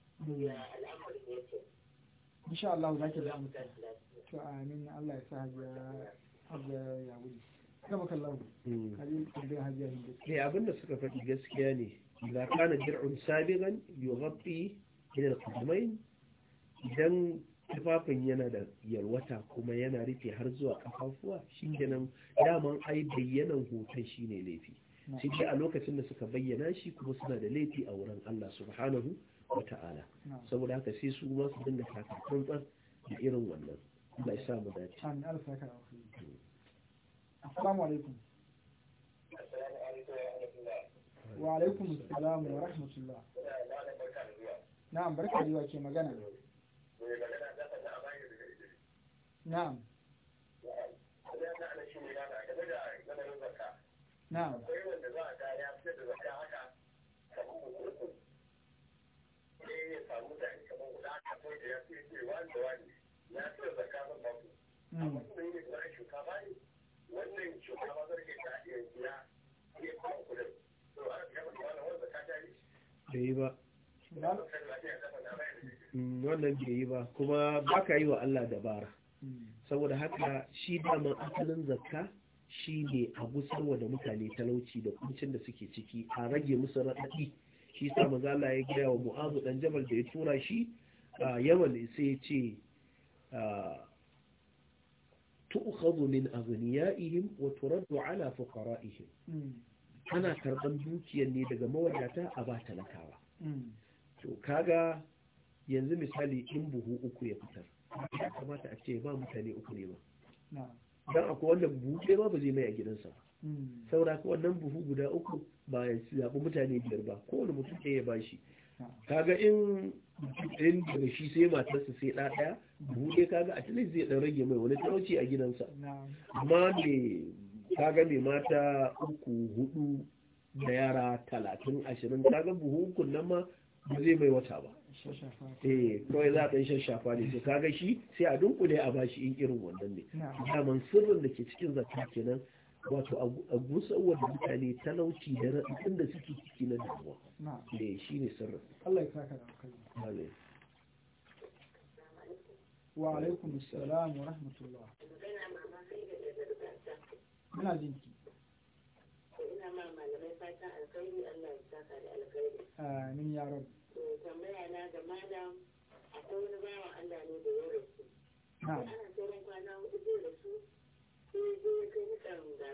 insha Allah za ki zamu to amin Allah ya sa hajiya ya kallon hmm. eh, abinda suka faɗi gaskiya ne idan kana jir'un sabigan yughatti ila al-qadamain idan tufafin yana da yalwata kuma yana rufe har zuwa kafafuwa shikenan daman ai bayyanan hoton shine laifi sai a lokacin da suka bayyana shi kuma suna da laifi a wurin Allah subhanahu wata'ala saboda haka sai su ba su dinga takatsantsan da irin wannan Allah ya sa mu dace assalamu wa rahmatullah na'am barka da ke magana na'am na'am akwai na'am na'am a na'am na'am na'am na'am ya samu da hmm. wannan yi ba hmm, wannan yi ba kuma baka yi wa Allah dabara hmm. saboda haka shi daman asalin zakka shi ne a gusarwa da mutane talauci da kuncin da suke ciki a rage musu raɗaɗi shi sa mazala ya gaya wa mu'azu dan jabal da ya tura shi a yaman sai ya ce tu'khadhu min aghniyaihim wa turaddu ala fuqara'ihim hmm. ana karban dukiyar ne daga mawadata a ba talakawa hmm. to kaga yanzu misali in buhu uku ya fitar ya kamata a ce ba mutane uku ne ba dan akwai wanda buhu ɗaya ba ba zai mai a gidansa ba saura wannan buhu guda uku ba ya zaɓi mutane biyar ba kowane mutum ɗaya ya bashi kaga in in daga shi sai matarsa sai ɗa ɗaya buhu ɗaya kaga a tilai zai ɗan rage mai wani talauci a gidansa amma me kaga mai mata uku hudu da yara talatin ashirin kaga buhu uku nan ma ba zai mai wata ba eh kawai za a ɗan shashafa ne sai kaga shi sai a dunkule a bashi in irin wannan ne daman sirrin da ke cikin zakka kenan wato a gusawar da mutane talauci da raɗin da suke ciki na damuwa da shi ne sirrin Allah ya saka da kai wa alaikum assalam wa rahmatullah muna jin ki ina ma malamai fatan alkhairi Allah ya saka da alkhairi amin ya rabu tambaya na ga madam akwai wani bawa Allah ne da ya rasu ana sauran kwana hudu da su sai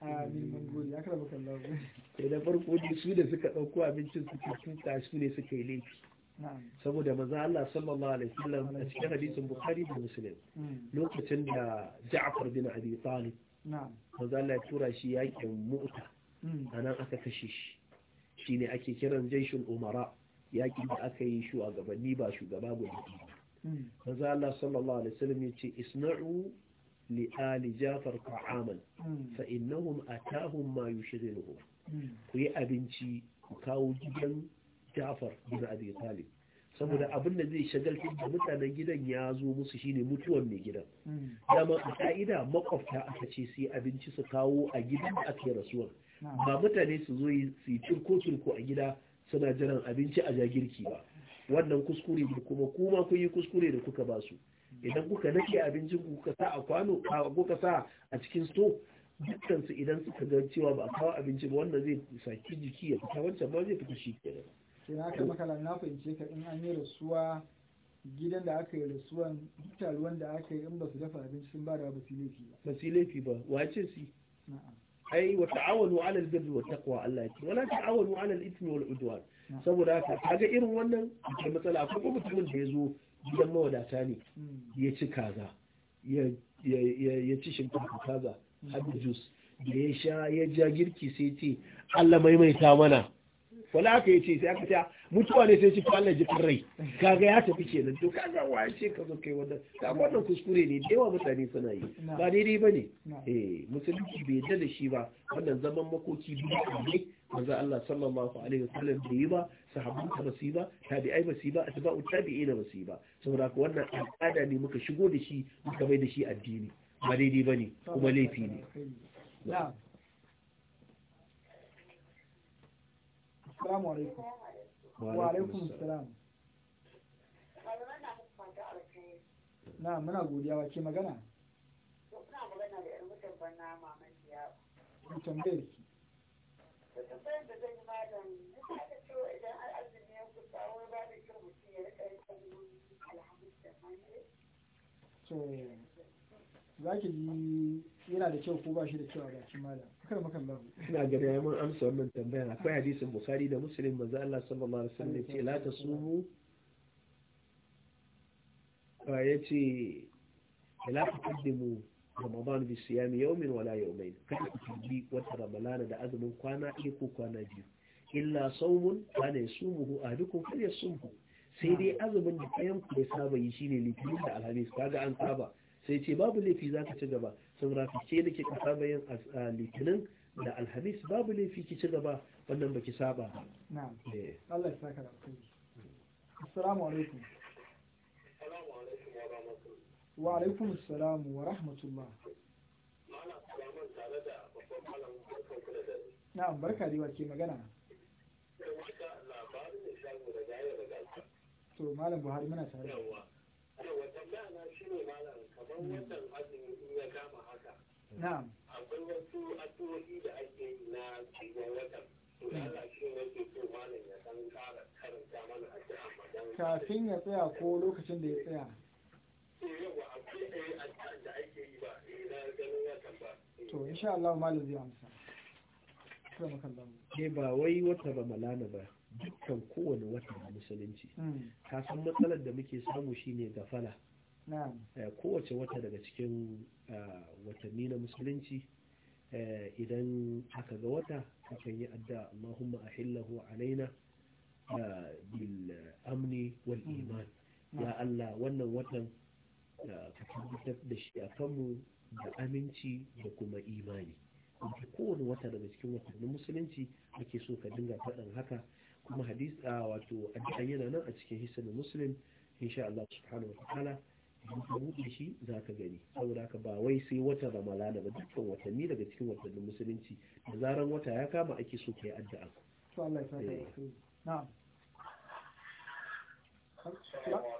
sai da eh, farko ne su da suka ɗauko abincin ke tuka su ne suka yi laifi saboda maza Allah sallallahu alaihi wasallam a cikin hadisin Bukhari da Muslim hmm. lokacin da Ja'far bin Abi Talib maza Allah ya tura shi yakin Mu'ta hmm. anan aka kashe shi ne ake kiran jaishul umara yakin da aka yi shugabanni ba shugaba guda hmm. maza Allah sallallahu alaihi wasallam ya ce isna'u لآل jafar طعاما Sa'innahum innahum atahum ma yushghiluhum ku yi abinci ku kawo gidan jafar saboda abin da zai shagaltar da mutanen gidan ya zo musu shine mutuwan mai gidan dama a ka'ida makwabta aka ce sai abinci su kawo a gidan da ake rasuwa, ba mutane su zo su yi turko-turko a gida suna jiran abinci a jagirki ba wannan kuskure da kuma kuma kun yi kuskure da kuka basu. idan kuka nake abincin kuka sa a kwano kuka sa a cikin sto dukkan su idan suka ga cewa ba a kawo abinci ba wanda zai saki jiki ya fita wancan ba zai fita shi kenan sai haka makala na fahimce ka in an yi rasuwa gidan da aka yi rasuwan taruwan da aka yi in ba su dafa abinci sun ba da ba su laifi ba ba su laifi ba wace su ai wa ta'awanu 'ala al-birri wa taqwa Allah ya ce wala ta'awanu 'ala al-ithmi wal udwan saboda haka kaga irin wannan da matsala ko mutumin da ya zo gidan mawadata ne hmm. ya ci kaza ya ci shinkafa kaza hmm. hadu jus da ya sha ya ja girki sai ce Allah maimaita mana wala aka yace sai aka ta mutuwa ne sai ci fa Allah jikin rai kaga ya tafi kenan to kaga wace ka zo kai wannan ta wannan kuskure ne da yawa mutane suna yi ba daidai bane eh musulunci bai da shi ba wannan zaman makoki biyu ne ماذا الله صلى الله عليه وسلم جيبا صحابين مصيبة تابي أي مصيبة أتباع التابعين مصيبة سمراك وانا الآن أني مك شقو دي شي مك بيد شي الديني مالي دي بني ومالي فيني نعم السلام عليكم وعليكم السلام نعم من أقول يا وكي مغانا نعم من أقول يا وكي مغانا نعم من أقول يا وكي مغانا نعم من أقول يا وكي za ki ji yana da kyau ko ba shi da kyau a bakin malam kar makan babu ina ga ya mun amsa wannan tambaya akwai hadisin bukhari da muslim manzo Allah sallallahu alaihi wasallam ce la tasumu ya ce la ramadan bi siyami yawmin wala yawmayn kada ku tuji wata ramadana da azumin kwana ɗaya ko kwana biyu illa saumun kana yasumuhu ahadukum falyasumhu sai dai azumin da kayan ku ya saba yi shine litinin da alhamis kaga an saba sai ce babu laifi zaka ci gaba sun rafice da ke saba yin ah, litinin da alhamis babu laifi ki ci gaba wannan baki saba na'am eh. Allah ya saka da assalamu alaikum wa alaikun salamu wa rahmatullah na'am barka da ke magana to malam buhari muna tare ya kama haka na'am akwai wasu addu'o'i da ake yi na cikin watan kafin ya tsaya ko lokacin da ya tsaya to ba wai wata ba ramalana ba dukkan kowane wata a musulunci hmm. ka san matsalar da muke samu shine gafala eh, kowace wata daga cikin eh, watanni na musulunci eh, idan aka ga wata akan yi adda Allahumma ahillahu alaina bil amni wal hmm. iman ya Allah wannan watan ka tabbatar da shi a kanmu da aminci da kuma imani da kowane wata daga cikin watannin musulunci ake so ka dinga faɗin haka kuma hadis a wato addu'a yana nan a cikin hisan muslim insha Allah subhanahu wata'ala ta'ala idan ka buɗe shi za ka gani saboda ka ba wai sai wata ramalana ba dukkan watanni daga cikin watannin musulunci da zaran wata ya kama ake so ka yi addu'a to Allah ya sa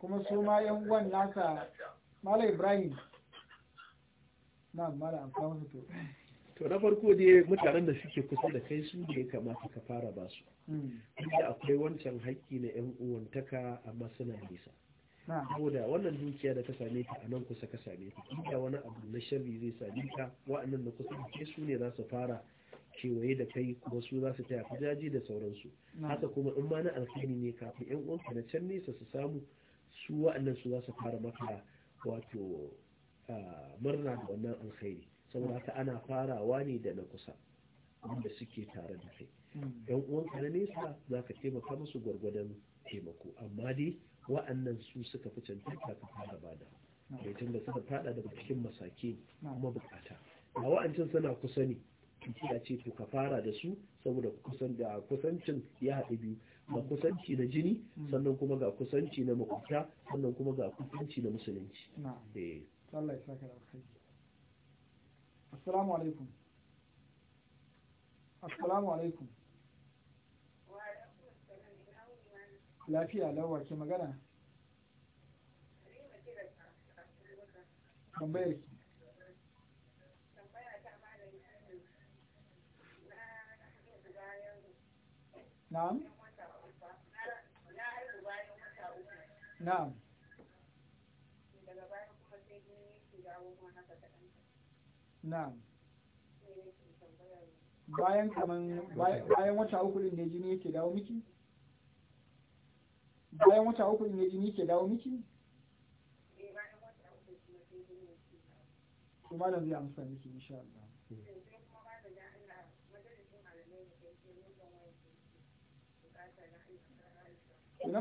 kuma su ma yan uwan nasa mala ibrahim na mala amfani musu to to na farko dai mutanen da suke kusa da kai su ne kamata ka fara ba su hmm. duk da akwai wancan haƙƙi na yan uwantaka amma suna nisa hauda wannan dukiya da ka same ta a nan kusa ka same ta inda wani abu na sharri zai same ka wa'annan da kusa ke su ne za su fara kewaye da kai kuma su za su taya kujaji da sauransu haka kuma in ma na alkhairi ne kafin yan uwanka na can nesa su samu su wa'annan su za su fara maka wato murna da wannan alkhairi saboda haka ana farawa ne da na kusa wanda suke tare da kai yan hmm. uwanka na nesa za ka taimaka musu gwargwadon taimako amma dai wa'annan su suka fi cancanta ka fara bada kai tun da suka fada daga cikin masaki kuma bukata a wa'ancin suna kusa ne ya ce to ka fara da su saboda kusan da kusancin ya haɗu biyu ga kusanci na jini sannan kuma ga kusanci na makwabta sannan kuma ga kusanci na musulunci eh. Allah Assalamu alaikum. Assalamu alaikum. lafiya lawar ke magana tambayar ki na'am na'am na'am bayan kaman bayan wata uku ɗin ne jini yake dawo miki bayan wata uku in yi ke dawo miki to malam zai amsa miki insha Allah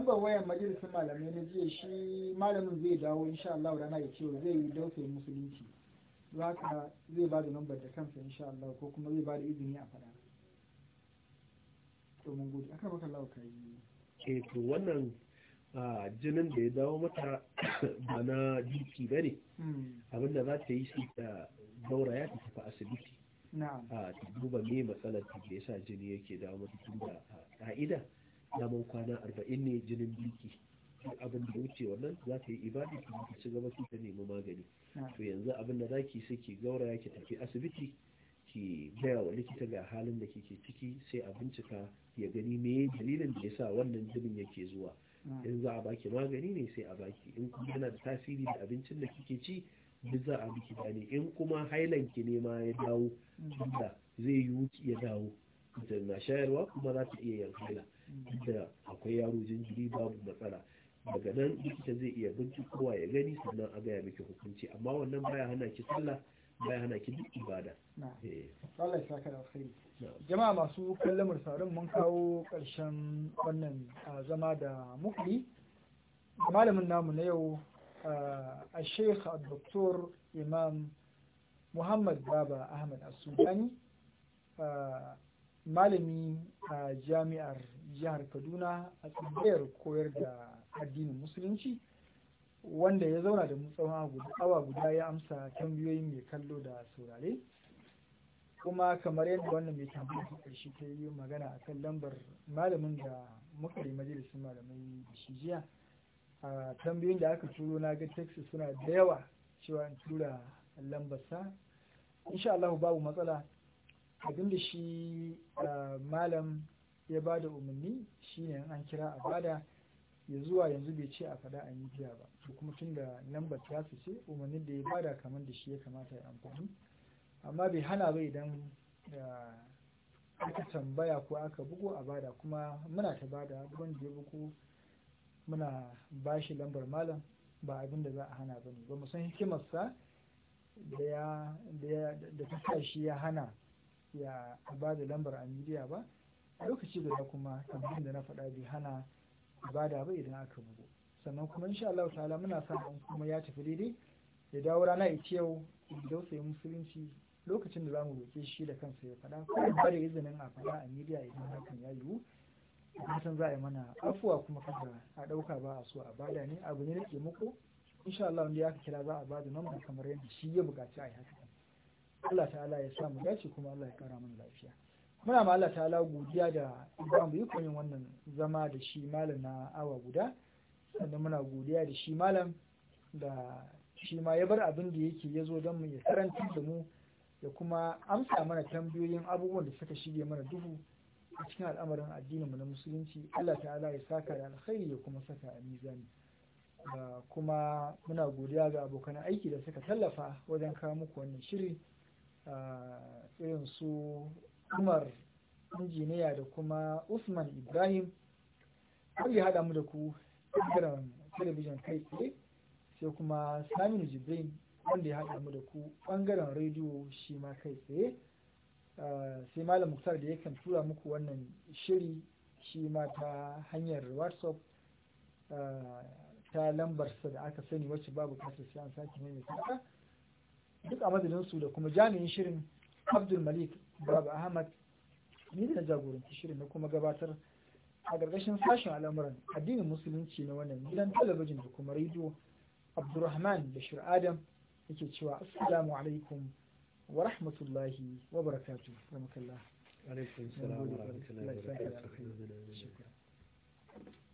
lambar wayan majalisun malamai na jiya shi malamin zai dawo insha Allah rana ya ce zai yi dauke musulunci zaka zai ba da lambar da kansa insha Allah ko kuma zai ba da izini a fada to mun gode aka baka lawa kai eh to wannan a jinin da ya dawo mata ba na jiki ba ne hmm. abinda za ta yi shi da daura ya ta tafi asibiti a duba me matsalar da ya sa jini yake dawo mata tun da ka'ida daman kwana arba'in ne jinin biki abin da wuce wannan za ta yi ibada ta ci gaba ta nemi magani to yanzu abin da za ki sai ki gauraya ki tafi asibiti ki gaya wa likita ga halin da kike ciki sai a bincika ya gani me dalilin da ya sa wannan jinin yake zuwa in za a baki magani ne sai a baki in kuma yana da tasiri da abincin da kike ci duk za a biki ne in kuma hailanki ne ma ya dawo tunda zai yi ya dawo na shayarwa kuma za ta iya yin haila da akwai yaro jinjiri babu matsala daga nan likita zai iya bincikowa ya gani sannan a gaya miki hukunci amma wannan baya hana ki sallah bayan hana ki duk ibada eh. Allah ya saka da alkhairi jama'a masu kallon mursarin mun kawo karshen wannan zama da mukli malamin namu na yau a sheikh doktor imam muhammad baba ahmad asudani malami a jami'ar jihar kaduna a tsibiriyar koyar da addinin musulunci wanda ya zauna da mu tsawon awa guda ya amsa tambayoyin mai kallo da saurare kuma kamar yadda wannan mai tambayar ta karshe ta yi magana a kan lambar malamin da muka yi majalisun malamai da shi jiya a tambayoyin da aka turo na ga texas suna da yawa cewa in tura lambarsa insha Allah babu matsala abin da shi malam ya bada umarni shine an kira a bada ya zuwa yanzu bai ce a fada a yi biya ba to kuma tun da lambar ta su ce umarnin da ya bada kamar da shi ya kamata ya amfani amma bai hana ba idan aka tambaya ko aka bugu a bada kuma muna ta bada da ya bugu muna ba shi lambar malam ba abin da za a hana ba ne ba mu san hikimarsa da ta sa shi ya hana ya ba da lambar amiriya ba a lokaci guda kuma tambayin da na faɗa bai hana ibada ba idan aka bugu sannan kuma insha Allah ta'ala muna sa an kuma ya tafi daidai ya dawo rana ya ce yau da sai musulunci lokacin da zamu roke shi da kansa ya faɗa ko in da izinin a faɗa a media idan hakan ya yiwu fatan za a yi mana afuwa kuma kada a ɗauka ba a so a bada ne abu ne nake muku insha Allah wanda ya kira za a bada nan kamar yadda shi ya buƙaci a yi haka Allah ta'ala ya sa mu dace kuma Allah ya kara mana lafiya muna ma Allah ta'ala godiya da Ibrahim mu wannan zama da shi malam na awa guda sannan muna godiya da shi malam da shi ma ya bar abin da yake ya zo don mu ya karanta da mu da kuma amsa mana tambayoyin abubuwan da suka shige mana duhu a cikin al'amarin addininmu na musulunci Allah ta'ala ya saka da alkhairi ya kuma saka a mizani kuma muna godiya ga abokan aiki da suka tallafa wajen kawo muku wannan shiri ah, irin su umar injiniya da kuma usman ibrahim har ya haɗa mu da ku ɓangaren talabijin kai tsaye sai kuma saminu jibrin wanda ya haɗa mu da ku ɓangaren rediyo shi ma kai tsaye ah, sai malam muktar da yakan tura muku wannan shiri shi ma ta hanyar whatsapp ah, ta lambar sa da aka sani wacce babu kasar sai an sake mai duk a su da kuma jami'in shirin abdul malik Baba Ahmad ni da na jagoranci shirin na kuma gabatar a gargashin sashen al'amuran addinin musulunci na wannan gidan talabijin da kuma rediyo Abdulrahman Bashir Adam yake cewa assalamu alaikum wa rahmatullahi wa barakatuh. Alaikum salam wa rahmatullahi wa barakatuh.